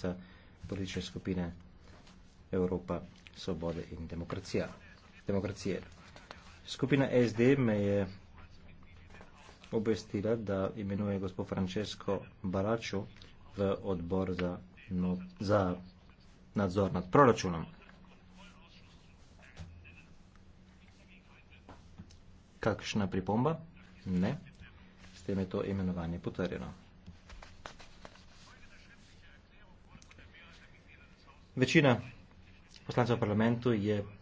članica politične skupine Evropa, Svobode in demokracija. demokracije. Skupina SD me je obvestila, da imenuje gospod Francesco Baraču v odbor za, no, za nadzor nad proračunom. Kakšna pripomba? Ne. S tem je to imenovanje potrjeno. Večina poslancev v parlamentu je